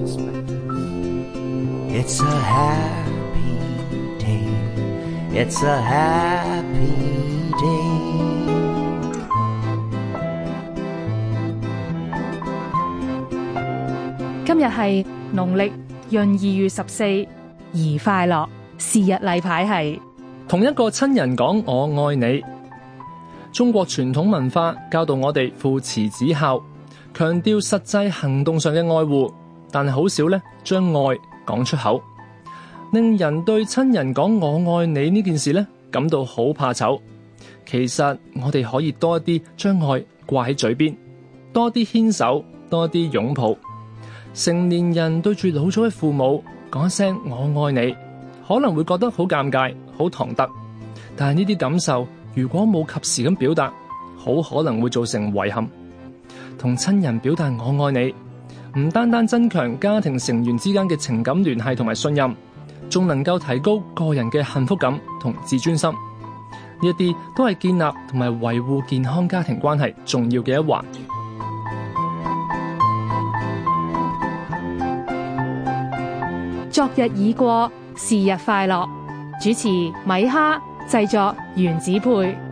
It's a happy day. It's a happy day. 今日係農曆閏二月十四。而快樂是日例牌係同一個親人講我愛你。中國傳統文化教導我哋父慈子孝，強調實際行動上嘅愛護。但係好少咧，將愛講出口，令人對親人講我愛你呢件事咧，感到好怕醜。其實我哋可以多啲將愛掛喺嘴邊，多啲牽手，多啲擁抱。成年人對住老咗嘅父母講一聲我愛你，可能會覺得好尷尬、好唐突。但係呢啲感受如果冇及時咁表達，好可能會造成遺憾。同親人表達我愛你。唔單單增強家庭成員之間嘅情感聯繫同埋信任，仲能夠提高個人嘅幸福感同自尊心。呢一啲都係建立同埋維護健康家庭關係重要嘅一環。昨日已過，是日快樂。主持米哈，製作原子配。